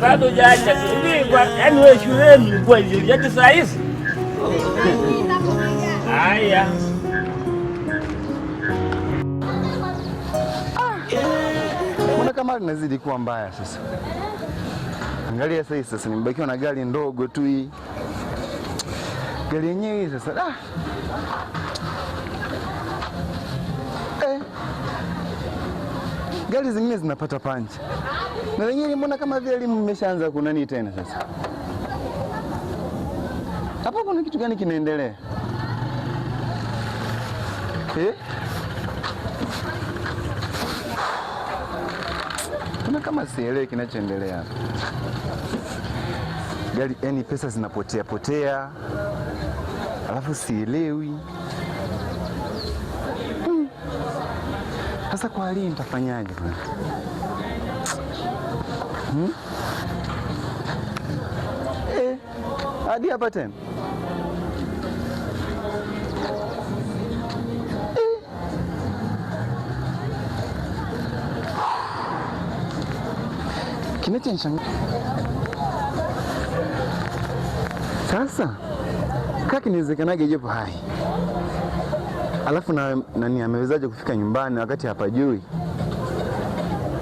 bado jaacha yaani, wewe shuleni ulikuwa hivi hadi saa hizi. Haya, kama hali kuwa mbaya sasa? Angalia sasa hivi, sasa nimebakiwa na gari ndogo tu hii, gari yenyewe hii sasa gari zingine zinapata panchi na wengine, mbona kama vile elimu imeshaanza kunani tena sasa. Hapo kuna kitu gani kinaendelea eh? Kuna kama sielewi kinachoendelea gari, yani pesa zinapotea potea, alafu sielewi Sasa kwa hali nitafanyaje bwana? Hmm? Eh, hadi hapa tena. Eh. Kinachoshangaza sasa kaka, niwezekanaje jopo hai Alafu na nani amewezaje kufika nyumbani wakati hapajui?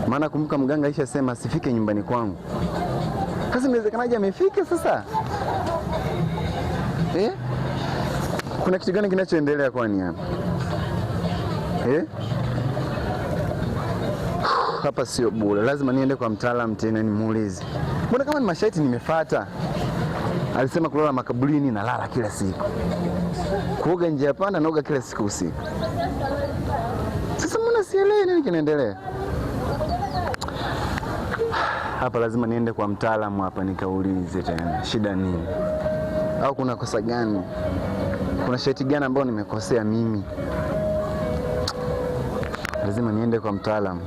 Maana kumbuka mganga aisha sema asifike nyumbani kwangu. Sasa inawezekanaje amefika sasa eh? Kuna kitu gani kinachoendelea kwani hapa eh? Hapa sio bure, lazima niende kwa mtaalamu tena nimuulize. Mbona kama ni mashaiti nimefuata? Alisema kulala makaburini, nalala kila siku, kuoga nje, panda naoga kila siku usiku. Sasa mbona sielewi nini kinaendelea hapa? Lazima niende kwa mtaalamu hapa nikaulize tena shida nini, au kuna kosa gani? Kuna sheti gani ambayo nimekosea mimi? Lazima niende kwa mtaalamu,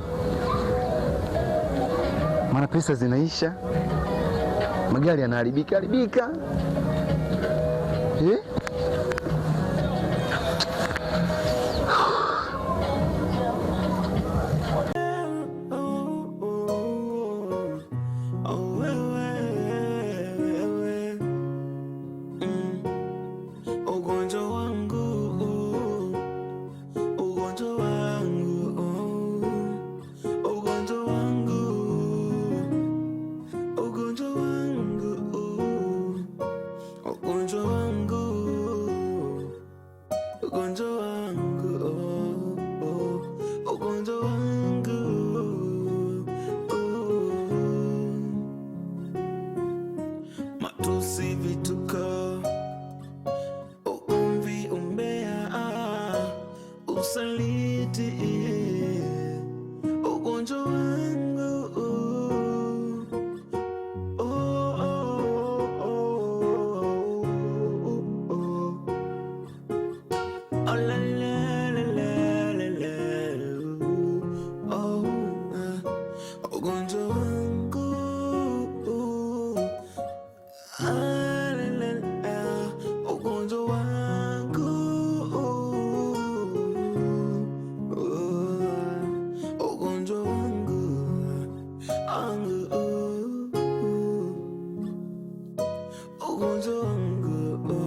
maana pesa zinaisha magari yanaharibika haribika eh? did. Sungguh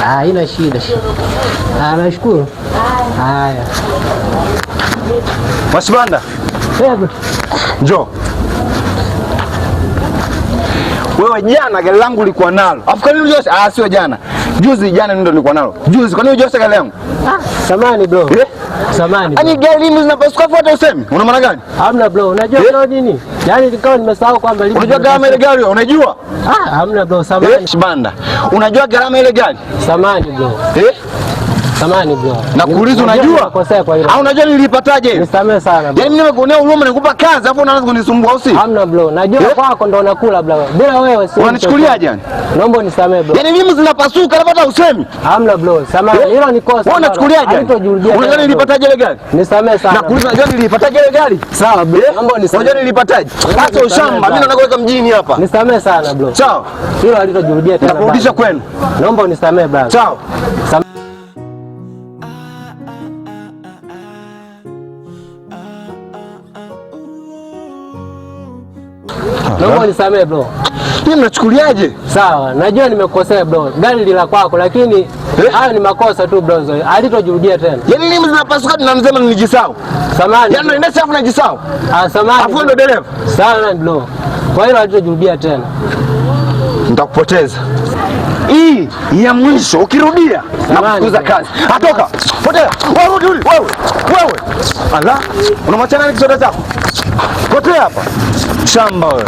Haina ah, shida. Ah, Nashukuru. Haya. Masibanda. Njoo. Wewe jana gari langu likuwa nalo. Afu kwa ujose? Ah, sio jana. Juzi jana ndio likuwa nalo. Juzi kwa ujose gari langu? Ah, samani bro. Eh? Samani. Ani gari hizi zinapasuka fuata usemi. Una maana gani? Hamna bro. Unajua kwa eh? nini? Yaani nikawa nimesahau kwamba Unajua kama ile gari unajua? Ah, hamna bro, samani. Eh, shibanda. Unajua gharama ile gari? Samani bro. Eh? Samahani bwana. Na kuuliza unajua? Au unajua nilipataje? Nisamehe sana. Yaani mimi nimekuonea huruma nikupa kazi afu unaanza kunisumbua au si? Hamna bro. Najua yeah. kwako ndo unakula bro. Bila wewe si. Unanichukuliaje yani? Naomba unisamehe bro. Yaani mimi zinapasuka alafu hata usemi. Hamna bro. Samahani. Eh? Hilo ni kosa. Wewe unachukuliaje? Unajua nilipataje ile gari? Nisamehe sana. Na kuuliza unajua nilipataje ile gari? Sawa bro. Eh? Naomba unisamehe. Unajua nilipataje? Acha ushamba. Mimi ndo kuweka mjini hapa. Nisamehe sana bro. Sawa. Hilo halitojirudia tena. Nakurudisha kwenu. Naomba unisamehe bro. Sawa. naomba unisamehe bro. Mimi mnachukuliaje? Sawa, najua nimekosea bro, gari lila kwako, lakini eh? hayo ni makosa tu bro, alitojirudia tena. Yaani nini zinapasuka na mzema nijisau? Samahani. Yaani nenda safu najisau. Ah, samahani. Afu ndo dereva. Sana bro. Kwa hiyo alitojirudia tena. Nitakupoteza. Hii ya mwisho ukirudia na nakufukuza kazi. Atoka. Potea. Wewe rudi rudi wewe. Wewe. Ala, unamwachana na kisoda chako. Potea hapa. Shamba wewe.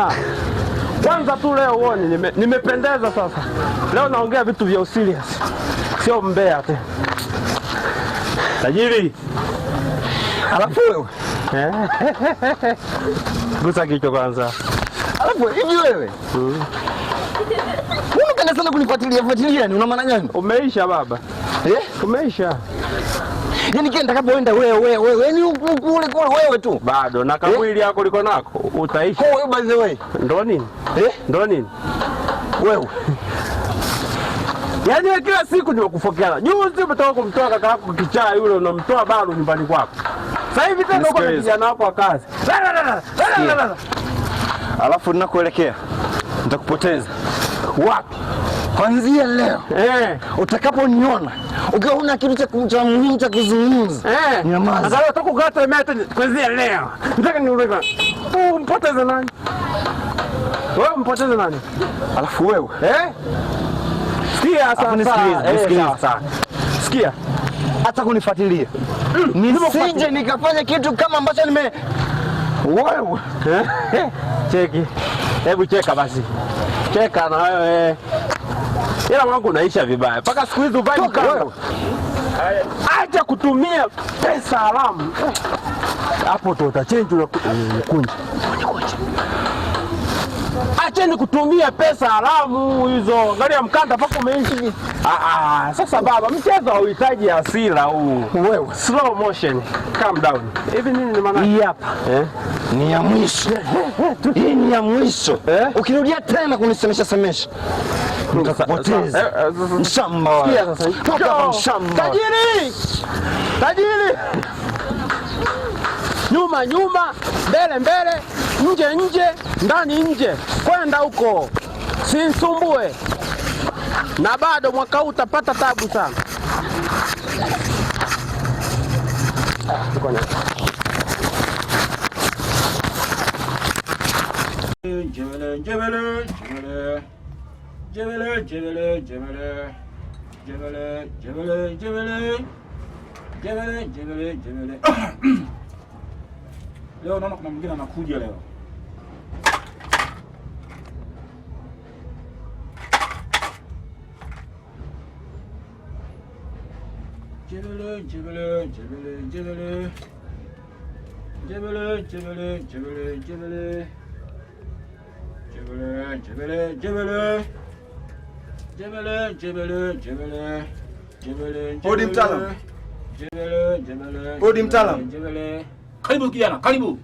sana. Kwanza tu leo uone nime, nimependeza sasa. Leo naongea vitu vya serious. Sio mbea tu. Tajiri. Alafu wewe. Eh. Gusa kichwa kwanza. Alafu hivi wewe. Mm. Unapenda sana kunifuatilia fuatilia, ni una maana gani? Umeisha baba. Eh? Umeisha yani kile nitakapoenda wewe wewe yani kule kule wewe tu bado na kamwili eh? yako liko nako utaishi. Kwa oh, by the way ndo nini eh, ndo nini wewe yaani kila siku nimekufokea. Juzi umetoka kumtoa kaka yako kichaa yule, unamtoa bado nyumbani kwako. Sasa hivi tena uko na kijana wako wa kazi, alafu ninakuelekea nitakupoteza wapi? Kwanzia leo eh, utakaponiona ukiwa una kitu cha muhimu cha kuzungumza eh, nyamaza. Kwanzia leo nataka niuliza mpoteze nani? Wewe mpoteze nani? Alafu wewe eh, sikia sasa, eh, sikia hata kunifuatilia mm. nisije nikafanya kitu kama ambacho nime wewe. Eh? Eh, cheki, hebu cheka basi, cheka na wewe ila mwangu unaisha vibaya mpaka siku hizi uvae mkanda. Acha kutumia pesa haramu, hapo ndo na kunja Acheni kutumia pesa haramu hizo, gari ya mkanda mpaka umeishi. Ah, ah, sasa baba, mchezo hauhitaji hasira huu. Wewe slow motion, calm down. Hivi nini ni maana? Hii hapa eh? Ni ya mwisho hii ni ya mwisho eh? Ukirudia tena kunisemesha semesha nitakupoteza eh, mshamba. Sikia sasa, tajiri tajiri nyuma nyuma, mbele mbele, nje nje, ndani nje, kwenda huko sinsumbue, na bado mwaka huu utapata tabu sana. Jebele, jebele, jebele. Jebele, jebele, jebele. Jebele, jebele, jebele. Jebele, jebele, jebele. Leo naona kuna mwingine anakuja leo. Jebele, jebele, jebele, jebele. Jebele, jebele, jebele, jebele. Jebele, jebele, jebele. Jebele, jebele, jebele. Jebele, jebele. Hodi mtaalamu. Jebele, jebele. Hodi mtaalamu. Jebele. jebele. Karibu kijana, karibu,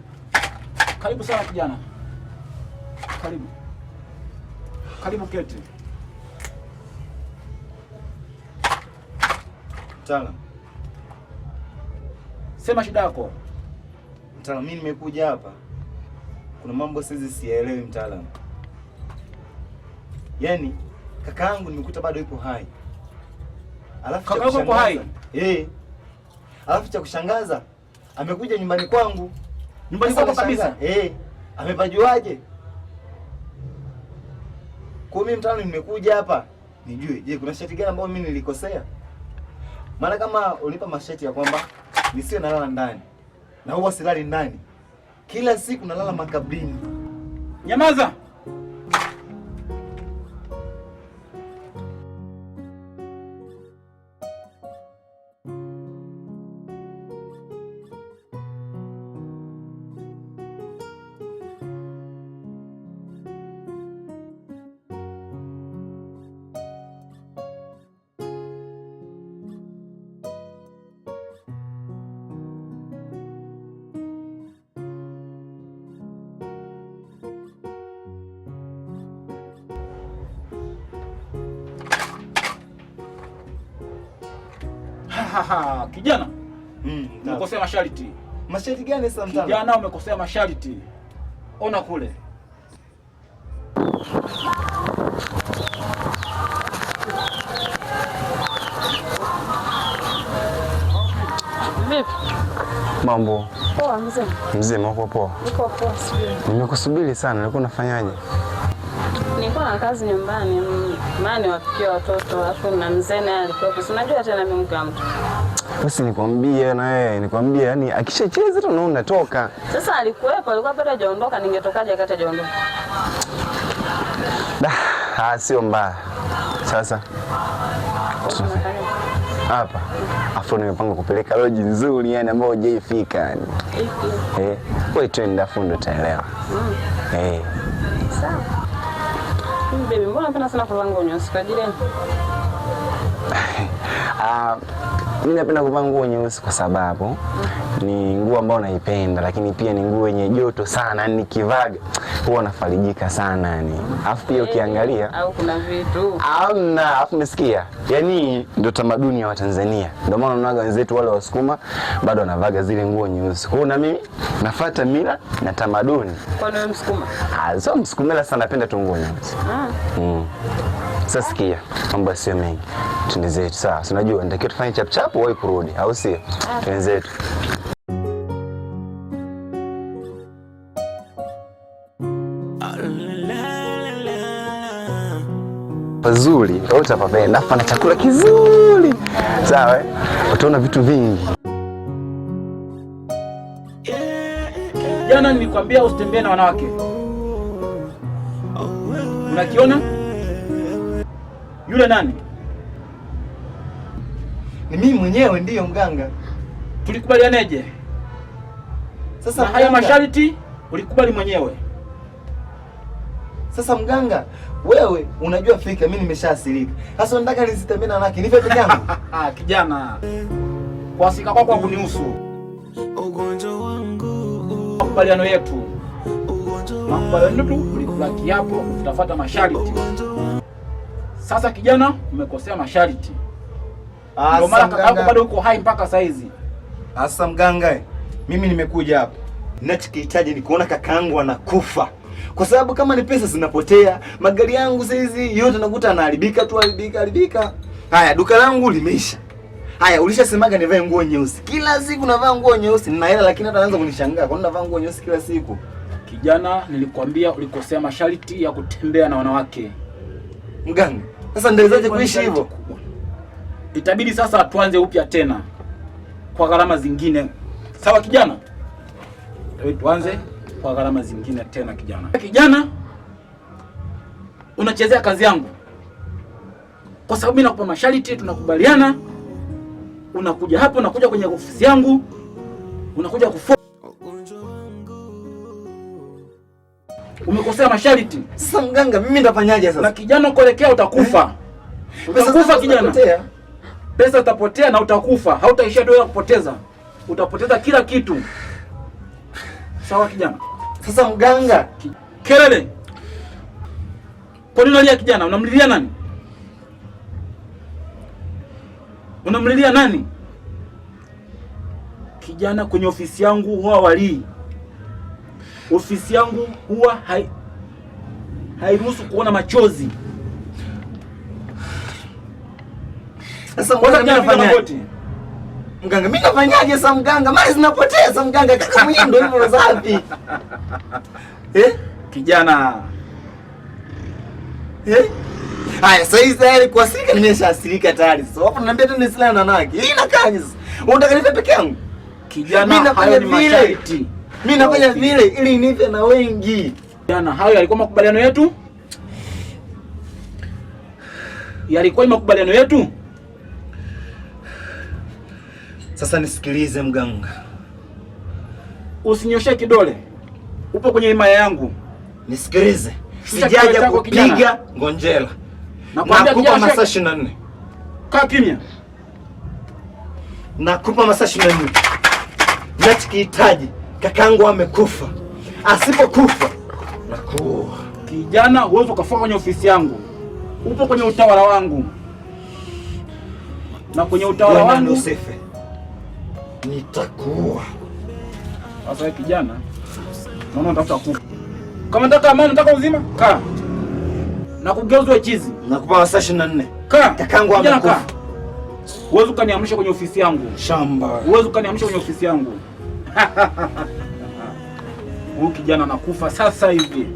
karibu sana kijana, karibu, karibu kete. mtaalam sema shida yako. Mtaalamu, mimi nimekuja hapa, kuna mambo sizi siyaelewi mtaalamu. Yaani kaka yangu nimekuta bado yupo hai, alafu kaka yako yupo hai eh, alafu cha kushangaza amekuja nyumbani kwangu. Nyumbani kwako kabisa? Eh, amepajuaje? kumi mimi nimekuja hapa nijue, je, kuna shati gani ambayo mimi nilikosea? Maana kama unipa mashati ya kwamba nisiwe nalala ndani na huwa silali ndani, kila siku nalala makabrini. Nyamaza! Ahaha, kijana mm, umekosea masharti. Masharti gani sasa mtana? Kijana umekosea masharti, ona kule Mambo poa? Mzima uko poa? Nimekusubiri sana, nilikuwa nafanyaje? Nilikuwa na kazi nyumbani, maana niwapikia watoto, alafu na mzee naye alikuwa, unajua tena mimi mke wa mtu basi nikwambie na yeye nikwambie, yani akishacheza tu naona natoka. Sasa alikuwepo, alikuwa bado hajaondoka, ningetokaje akati hajaondoka? Da, ah, sio mbaya. Sasa hapa afu nimepanga kupeleka loji nzuri, yani ambayo hujaifika yani. Eh, wewe twende afu ndo utaelewa. Mm. Eh. Sawa. Mimi mbona napenda sana kuvaa nguo nyeusi kwa ajili ya Mimi napenda kuvaa nguo nyeusi kwa sababu ni nguo ambayo naipenda, lakini pia ni nguo yenye joto sana, yani nikivaga huwa nafarijika sana yani. Alafu pia ukiangalia au kuna vitu amna, alafu umesikia, yani ndio tamaduni ya Watanzania, ndio maana unaona wenzetu wale Wasukuma bado wanavaga zile nguo nyeusi. Kwa hiyo na mimi nafuata mila na tamaduni. Kwa nini Msukuma? Ah, sio Msukuma, ila sana napenda tu nguo nyeusi. Ah. Mm. Sasa sikia, mambo sio mengi twende zetu. Sawa, sinajua nitakiwa tufanye chapchapu wai kurudi, au sio? Ah. Twende zetu. Pazuri utapapenda, afu na chakula kizuri. Sawa, eh? utaona vitu vingi. Jana nilikwambia usitembee na wanawake, unakiona yule nani ni mimi mwenyewe ndiyo mganga. Tulikubalianeje? Sasa na haya masharti ulikubali mwenyewe. Sasa mganga, wewe unajua fika, mimi nimeshaasirika Sasa nataka nizitembee na naki nipe kijana. Ah, Kijana, kuasika kwako kunihusu. Ugonjwa wangu, makubaliano yetu, makubaliano yetu, ulikula kiapo, utafuata masharti. Sasa kijana, umekosea masharti. Ah, ndio maana kaka yako bado uko hai mpaka saa hizi. Asa ah, mganga, mimi nimekuja hapa ninachokihitaji ni kuona kakaangu anakufa, kwa sababu kama ni pesa zinapotea, magari yangu saa hizi yote nakuta anaharibika tu, haribika haribika. Haya, duka langu limeisha. Haya, ulishasemaga nivae nguo nyeusi kila siku, navaa nguo nyeusi, nina hela, lakini hata anaanza kunishangaa kwa nini navaa nguo nyeusi kila siku. Kijana, nilikwambia ulikosea masharti ya kutembea na wanawake. Mganga, sasa ndawezaje kuishi hivyo? itabidi sasa tuanze upya tena kwa gharama zingine. Sawa kijana, itabidi tuanze kwa gharama zingine tena kijana. Kijana, unachezea kazi yangu kwa sababu mimi nakupa masharti, tunakubaliana. Unakuja hapo, unakuja kwenye ofisi yangu, unakuja kufu umekosea masharti. Sasa mganga, mimi ndafanyaje sasa? Na kijana, kuelekea utakufa, eh? utakufa kijana pesa utapotea na utakufa, hautaishia dola kupoteza, utapoteza kila kitu. Sawa kijana? Sasa mganga, kelele kwa nini unalia kijana? Unamlilia nani? Unamlilia nani kijana? Kwenye ofisi yangu huwa walii, ofisi yangu huwa hai hairuhusu kuona machozi. Sasa mbona mimi nafanya mganga, mimi nafanyaje sasa mganga? Mali zinapotea sasa mganga, kaka mwenyewe ndio hivyo unazapi. Eh? Kijana. Eh? Haya, sasa hizi tayari kwa sika nimeshaasilika tayari. Sasa hapo niambia tu nisilana na naki. Hii inakaa nje. Unataka nipe peke yangu? Kijana, mimi nafanya vile. Mimi nafanya vile ili nipe na wengi. Kijana, hayo yalikuwa makubaliano yetu? Yalikuwa makubaliano yetu? Sasa nisikilize mganga, usinyoshe kidole, upo kwenye himaya yangu. Nisikilize, sijaja kupiga ngonjera, nakupa masaa ishirini na nne. Kaa kimya, nakupa masaa ishirini na nne. Nachokihitaji kakangu amekufa, asipokufa nakuua. Kijana, huwezi ukafua kwenye ofisi yangu, upo kwenye utawala wangu na kwenye utawala wangu usife Nitakuua. Sasa wewe kijana, naona unatafuta kufa. Kama nataka amani, nataka uzima, kaa na kugeuzwe chizi. Nakupa masaa 24. Kaa. Kakangu amekufa. Uwezi ukaniamrisha kwenye ofisi yangu shamba. Uwezi ukaniamrisha kwenye ofisi yangu. Huyu kijana anakufa sasa hivi.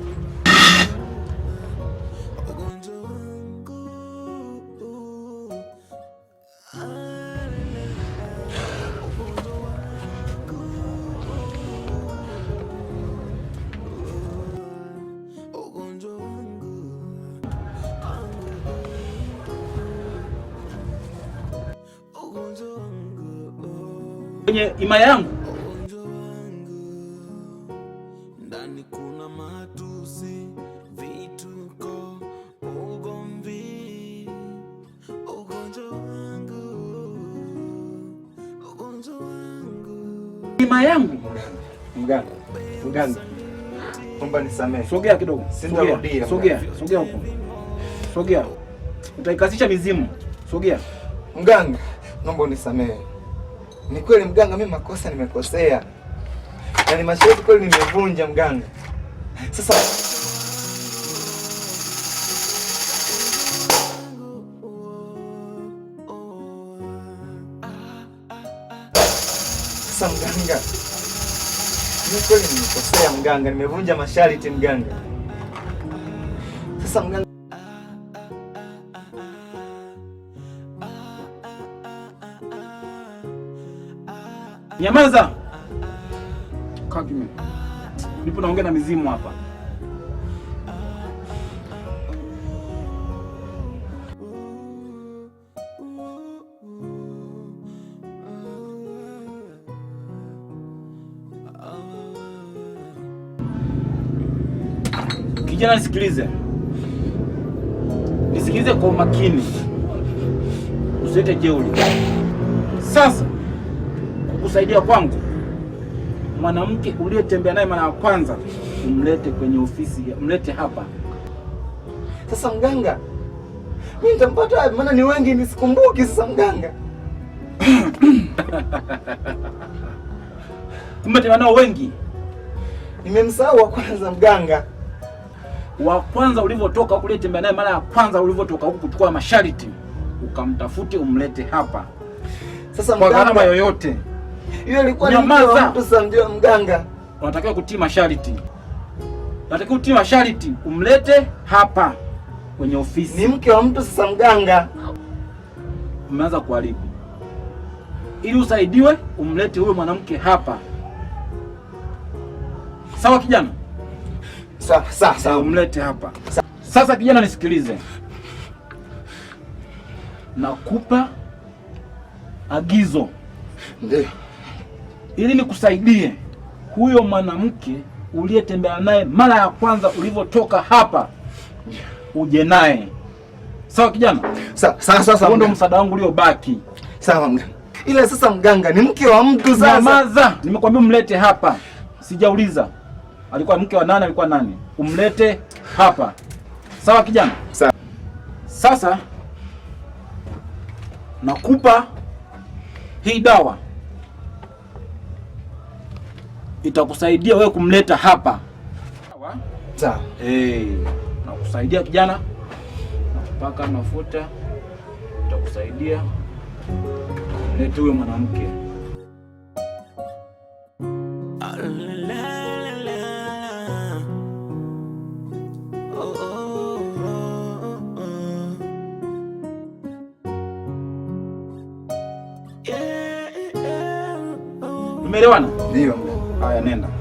ima yangu. Himaya yangu. Mganga, mganga, omba nisamehe. Sogea kidogo, sogea, sogea, sogea huko, sogea, utaikazisha mizimu. Sogea mganga, naomba unisamehe. Ni kweli mganga, mimi makosa nimekosea, na ni masharti kweli nimevunja mganga. Sasa sasa mganga, ni kweli nimekosea mganga, nimevunja masharti mganga. Sasa mganga Nyamaza. Kaa Nipo naongea na mizimu hapa. Kijana, nisikilize, nisikilize kwa umakini, usilete jeuri sasa kusaidia kwangu, mwanamke uliyetembea naye mara ya kwanza mlete kwenye ofisi, mlete hapa sasa. Mganga mimi nitampata, maana ni wengi nisikumbuki. Sasa mganga tena nao wengi, nimemsahau wa kwanza. Mganga wa kwanza ulivyotoka kule, tembea naye mara ya kwanza ulivyotoka huku kuchukua masharti, ukamtafute umlete hapa sasa, kwa gharama yoyote. Yule alikuwa ni mtu samjua mganga. Unatakiwa kutii masharti. Unatakiwa kutii masharti umlete hapa kwenye ofisi. Ni mke wa mtu sasa mganga. Umeanza kuharibu. Ili usaidiwe umlete huyo mwanamke hapa. Sawa kijana? Sawa, sawa, sawa umlete hapa. Sa. Sasa kijana nisikilize. Nakupa agizo. Ndio ili nikusaidie huyo mwanamke uliyetembea naye mara ya kwanza ulivyotoka hapa, uje naye sawa, kijana? sawa sawa ndio msaada wangu uliobaki. Sawa mganga, ila sasa mganga, ni mke wa mtu sasa. Nyamaza, nimekwambia mlete hapa, sijauliza alikuwa mke wa nani, alikuwa nani, umlete hapa. Sawa kijana? Sawa. Sasa nakupa hii dawa itakusaidia wewe kumleta hapa sawa. Eh, nakusaidia kijana, nakupaka mafuta, itakusaidia kumleta huyo mwanamke. Oh, oh, oh, Umeelewana? Ndio. nena.